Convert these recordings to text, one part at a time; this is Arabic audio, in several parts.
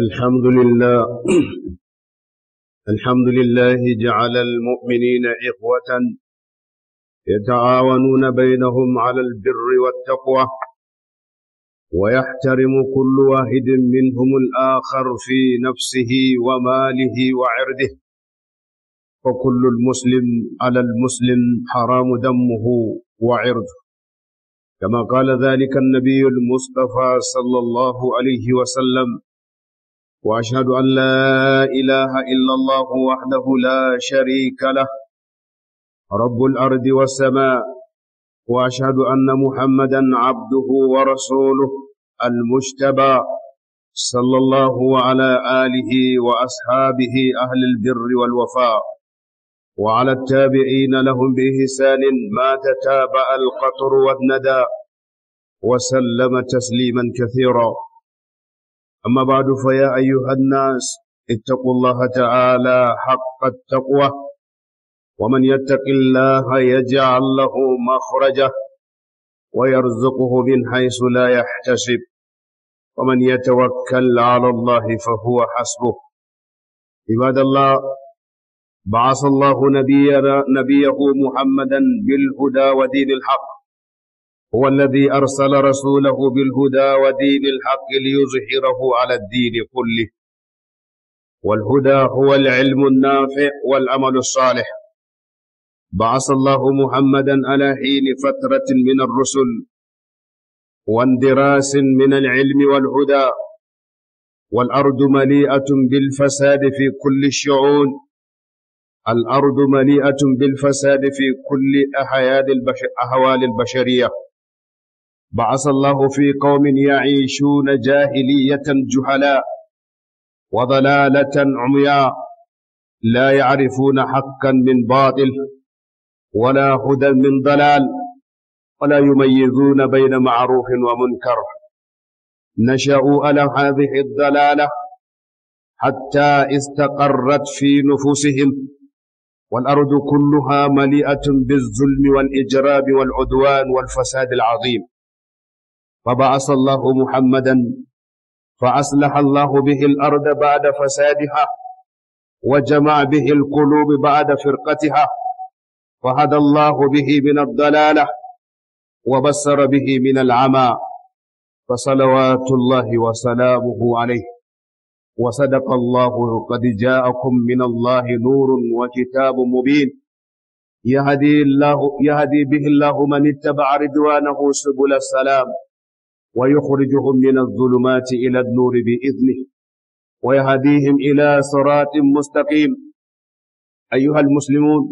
الحمد لله الحمد لله جعل المؤمنين إخوة يتعاونون بينهم على البر والتقوى ويحترم كل واحد منهم الآخر في نفسه وماله وعرضه فكل المسلم على المسلم حرام دمه وعرضه كما قال ذلك النبي المصطفى صلى الله عليه وسلم واشهد ان لا اله الا الله وحده لا شريك له رب الارض والسماء واشهد ان محمدا عبده ورسوله المجتبى صلى الله وعلى اله واصحابه اهل البر والوفاء وعلى التابعين لهم باحسان ما تتابع القطر والندى وسلم تسليما كثيرا أما بعد فيا أيها الناس اتقوا الله تعالى حق التقوى ومن يتق الله يجعل له مخرجه ويرزقه من حيث لا يحتسب ومن يتوكل على الله فهو حسبه عباد الله بعث الله نبينا نبيه محمدا بالهدى ودين الحق هو الذي أرسل رسوله بالهدى ودين الحق ليظهره على الدين كله والهدى هو العلم النافع والعمل الصالح بعث الله محمدا على حين فترة من الرسل واندراس من العلم والهدى والأرض مليئة بالفساد في كل الشعون الأرض مليئة بالفساد في كل أحياد البشر أحوال البشرية بعث الله في قوم يعيشون جاهلية جهلاء وضلالة عمياء لا يعرفون حقا من باطل ولا هدى من ضلال ولا يميزون بين معروف ومنكر نشأوا على هذه الضلالة حتى استقرت في نفوسهم والأرض كلها مليئة بالظلم والإجرام والعدوان والفساد العظيم فبعث الله محمدا فأصلح الله به الأرض بعد فسادها وجمع به القلوب بعد فرقتها فهدى الله به من الضلالة وبصر به من العمى فصلوات الله وسلامه عليه وصدق الله قد جاءكم من الله نور وكتاب مبين يهدي الله يهدي به الله من اتبع رضوانه سبل السلام ويخرجهم من الظلمات إلى النور بإذنه ويهديهم إلى صراط مستقيم أيها المسلمون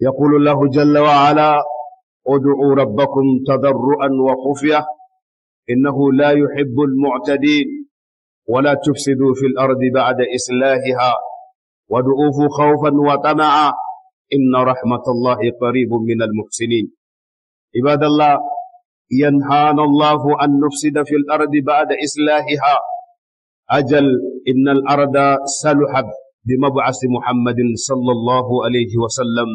يقول الله جل وعلا ادعوا ربكم تضرعا وخفية إنه لا يحب المعتدين ولا تفسدوا في الأرض بعد إصلاحها ودعوه خوفا وطمعا إن رحمة الله قريب من المحسنين عباد الله ينهانا الله أن نفسد في الأرض بعد إصلاحها أجل إن الأرض سلحت بمبعث محمد صلى الله عليه وسلم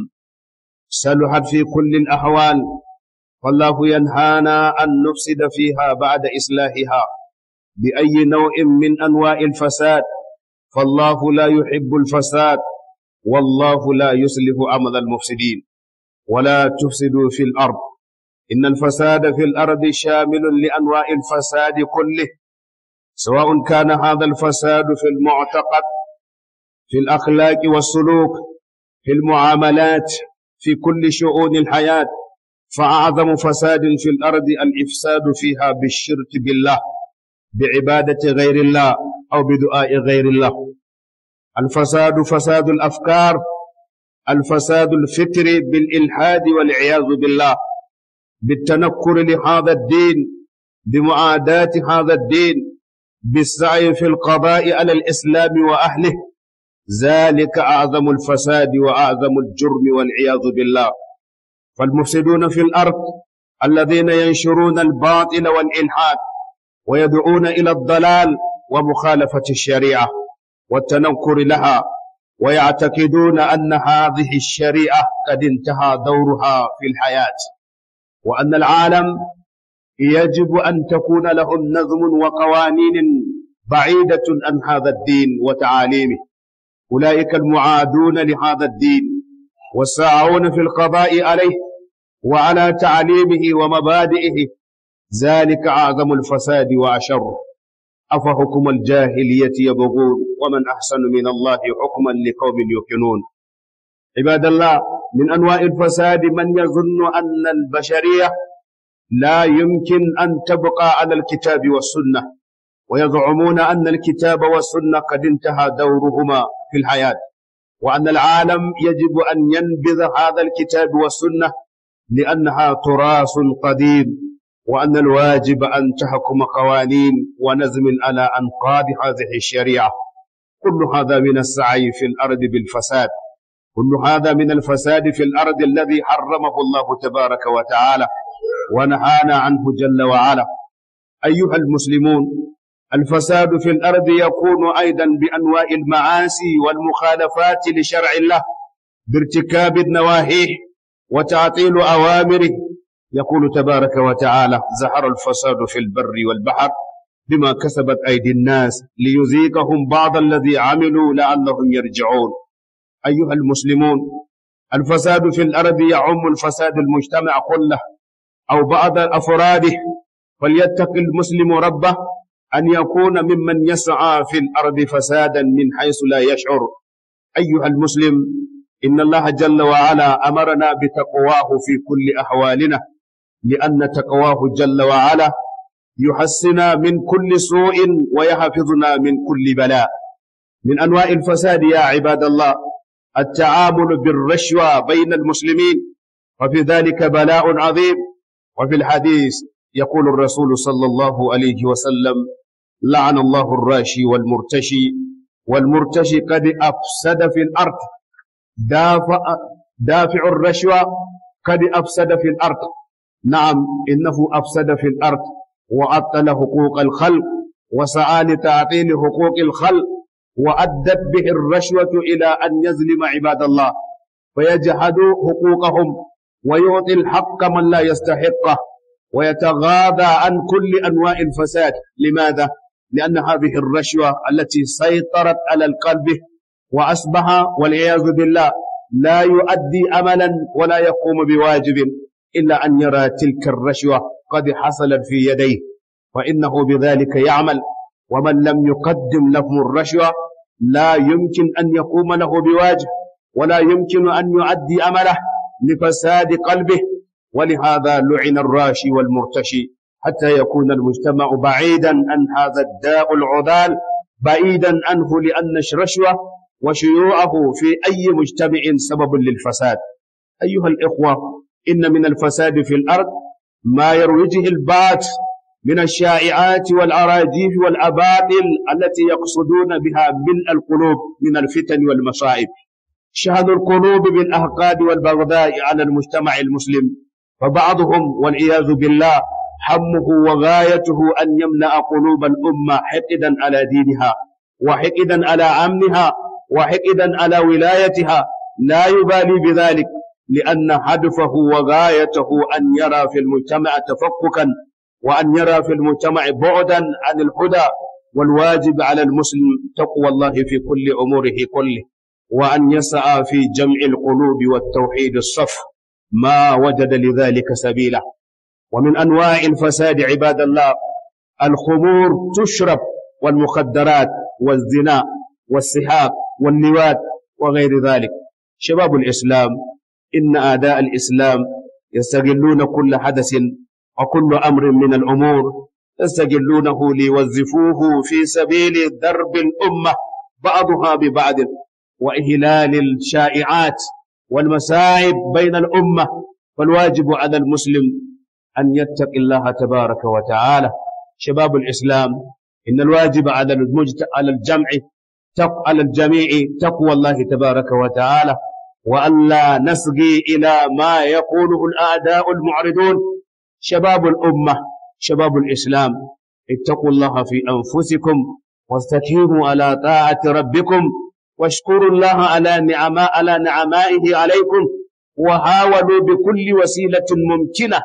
سلحت في كل الأحوال فالله ينهانا أن نفسد فيها بعد إصلاحها بأي نوع من أنواع الفساد فالله لا يحب الفساد والله لا يسلف عمل المفسدين ولا تفسدوا في الأرض إن الفساد في الأرض شامل لأنواع الفساد كله سواء كان هذا الفساد في المعتقد في الأخلاق والسلوك في المعاملات في كل شؤون الحياة فأعظم فساد في الأرض الإفساد فيها بالشرك بالله بعبادة غير الله أو بدعاء غير الله الفساد فساد الأفكار الفساد الفكري بالإلحاد والعياذ بالله بالتنكر لهذا الدين بمعاداة هذا الدين بالسعي في القضاء على الإسلام وأهله ذلك أعظم الفساد وأعظم الجرم والعياذ بالله فالمفسدون في الأرض الذين ينشرون الباطل والإلحاد ويدعون إلى الضلال ومخالفة الشريعة والتنكر لها ويعتقدون أن هذه الشريعة قد انتهى دورها في الحياة وأن العالم يجب أن تكون له نظم وقوانين بعيدة عن هذا الدين وتعاليمه أولئك المعادون لهذا الدين والساعون في القضاء عليه وعلى تعليمه ومبادئه ذلك أعظم الفساد وأشر أفحكم الجاهلية يبغون ومن أحسن من الله حكما لقوم يوقنون عباد الله من أنواع الفساد من يظن أن البشرية لا يمكن أن تبقى على الكتاب والسنة ويزعمون أن الكتاب والسنة قد انتهى دورهما في الحياة وأن العالم يجب أن ينبذ هذا الكتاب والسنة لأنها تراث قديم وأن الواجب أن تحكم قوانين ونزم على أنقاض هذه الشريعة كل هذا من السعي في الأرض بالفساد كل هذا من الفساد في الأرض الذي حرمه الله تبارك وتعالى ونهانا عنه جل وعلا أيها المسلمون الفساد في الأرض يكون أيضا بأنواع المعاصي والمخالفات لشرع الله بارتكاب النواهيه وتعطيل أوامره يقول تبارك وتعالى زهر الفساد في البر والبحر بما كسبت أيدي الناس ليذيقهم بعض الذي عملوا لعلهم يرجعون أيها المسلمون الفساد في الأرض يعم الفساد المجتمع كله أو بعض أفراده فليتق المسلم ربه أن يكون ممن يسعى في الأرض فسادا من حيث لا يشعر أيها المسلم إن الله جل وعلا أمرنا بتقواه في كل أحوالنا لأن تقواه جل وعلا يحسنا من كل سوء ويحفظنا من كل بلاء من أنواع الفساد يا عباد الله التعامل بالرشوة بين المسلمين وفي ذلك بلاء عظيم وفي الحديث يقول الرسول صلى الله عليه وسلم لعن الله الراشي والمرتشي والمرتشي قد أفسد في الأرض دافع, دافع الرشوة قد أفسد في الأرض نعم إنه أفسد في الأرض وعطل حقوق الخلق وسعى لتعطيل حقوق الخلق وأدت به الرشوة إلى أن يظلم عباد الله فيجحد حقوقهم ويعطي الحق من لا يستحقه ويتغاضى عن كل أنواع الفساد لماذا؟ لأن هذه الرشوة التي سيطرت على القلب وأصبح والعياذ بالله لا يؤدي أملا ولا يقوم بواجب إلا أن يرى تلك الرشوة قد حصلت في يديه فإنه بذلك يعمل ومن لم يقدم لهم الرشوة لا يمكن أن يقوم له بواجب ولا يمكن أن يعدي أمله لفساد قلبه ولهذا لعن الراشي والمرتشي حتى يكون المجتمع بعيدا عن هذا الداء العضال بعيدا عنه لأن الرشوة وشيوعه في أي مجتمع سبب للفساد أيها الإخوة إن من الفساد في الأرض ما يروجه البات من الشائعات والأراجيف والأباطل التي يقصدون بها ملء القلوب من الفتن والمصائب شهد القلوب بالأحقاد والبغضاء على المجتمع المسلم فبعضهم والعياذ بالله همه وغايته أن يملأ قلوب الأمة حقدا على دينها وحقدا على أمنها وحقدا على ولايتها لا يبالي بذلك لأن هدفه وغايته أن يرى في المجتمع تفككا وأن يرى في المجتمع بعدا عن الهدى والواجب على المسلم تقوى الله في كل أموره كله وأن يسعى في جمع القلوب والتوحيد الصف ما وجد لذلك سبيلا ومن أنواع الفساد عباد الله الخمور تشرب والمخدرات والزنا والسحاق والنواد وغير ذلك شباب الإسلام إن آداء الإسلام يستغلون كل حدث وكل أمر من الأمور يستجلونه ليوظفوه في سبيل درب الأمة بعضها ببعض وإهلال الشائعات والمسائب بين الأمة فالواجب على المسلم أن يتقي الله تبارك وتعالى شباب الإسلام إن الواجب على المجت... على الجمع تق... على الجميع تقوى الله تبارك وتعالى وألا نسقي إلى ما يقوله الأعداء المعرضون شباب الأمة شباب الإسلام اتقوا الله في أنفسكم واستقيموا على طاعة ربكم واشكروا الله على نعماء على نعمائه عليكم وحاولوا بكل وسيلة ممكنة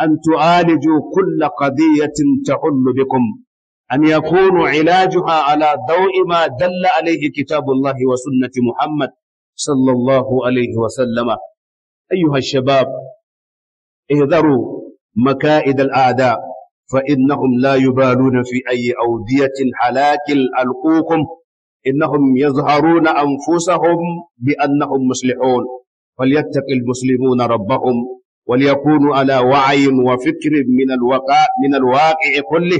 أن تعالجوا كل قضية تحل بكم أن يكون علاجها على ضوء ما دل عليه كتاب الله وسنة محمد صلى الله عليه وسلم أيها الشباب اهذروا مكائد الأعداء فإنهم لا يبالون في أي أودية حلاك ألقوكم إنهم يظهرون أنفسهم بأنهم مصلحون فليتق المسلمون ربهم وليكونوا على وعي وفكر من الواقع من الواقع كله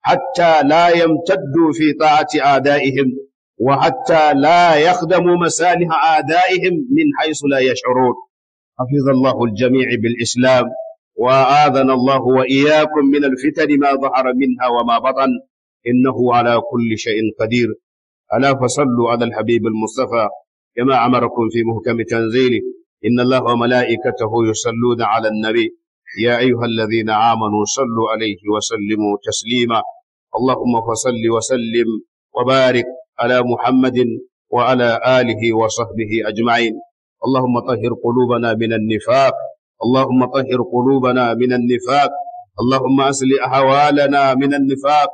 حتى لا يمتدوا في طاعة أعدائهم وحتى لا يخدموا مسالح أعدائهم من حيث لا يشعرون حفظ الله الجميع بالإسلام وآذن الله وإياكم من الفتن ما ظهر منها وما بطن إنه على كل شيء قدير ألا فصلوا على الحبيب المصطفى كما أمركم في مهكم تنزيله إن الله وملائكته يصلون على النبي يا أيها الذين آمنوا صلوا عليه وسلموا تسليما اللهم فصل وسلم وبارك على محمد وعلى آله وصحبه أجمعين اللهم طهر قلوبنا من النفاق اللهم طهر قلوبنا من النفاق اللهم أصلح أحوالنا من النفاق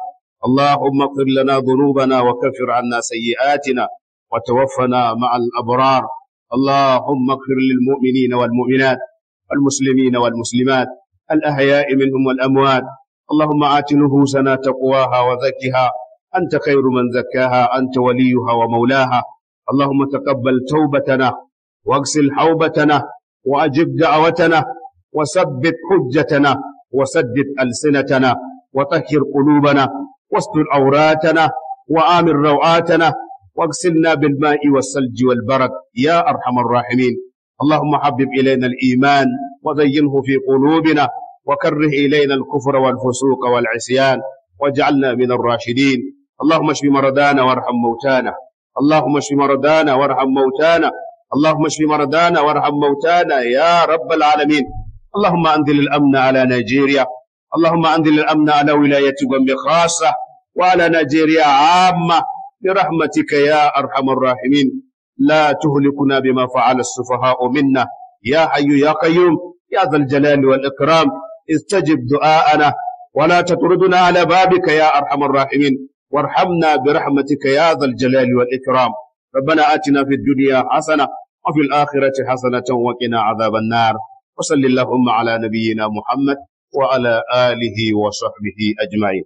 اللهم اغفر لنا ذنوبنا وكفر عنا سيئاتنا وتوفنا مع الأبرار اللهم اغفر للمؤمنين والمؤمنات المسلمين والمسلمات الأحياء منهم والأموات اللهم آت نفوسنا تقواها وزكها أنت خير من زكاها أنت وليها ومولاها اللهم تقبل توبتنا واغسل حوبتنا واجب دعوتنا وثبت حجتنا وسدد السنتنا وطهر قلوبنا واستر عوراتنا وامن روعاتنا واغسلنا بالماء والثلج والبرد يا ارحم الراحمين اللهم حبب الينا الايمان وزينه في قلوبنا وكره الينا الكفر والفسوق والعصيان واجعلنا من الراشدين اللهم اشف مرضانا وارحم موتانا اللهم اشف مرضانا وارحم موتانا اللهم اشف مرضانا وارحم موتانا يا رب العالمين اللهم انزل الامن على نيجيريا اللهم انزل الامن على ولايه gombe خاصه وعلى نيجيريا عامه برحمتك يا ارحم الراحمين لا تهلكنا بما فعل السفهاء منا يا حي يا قيوم يا ذا الجلال والاكرام استجب دعاءنا ولا تطردنا على بابك يا ارحم الراحمين وارحمنا برحمتك يا ذا الجلال والاكرام ربنا آتنا في الدنيا حسنة وفي الآخرة حسنة وقنا عذاب النار وصل اللهم على نبينا محمد وعلى آله وصحبه أجمعين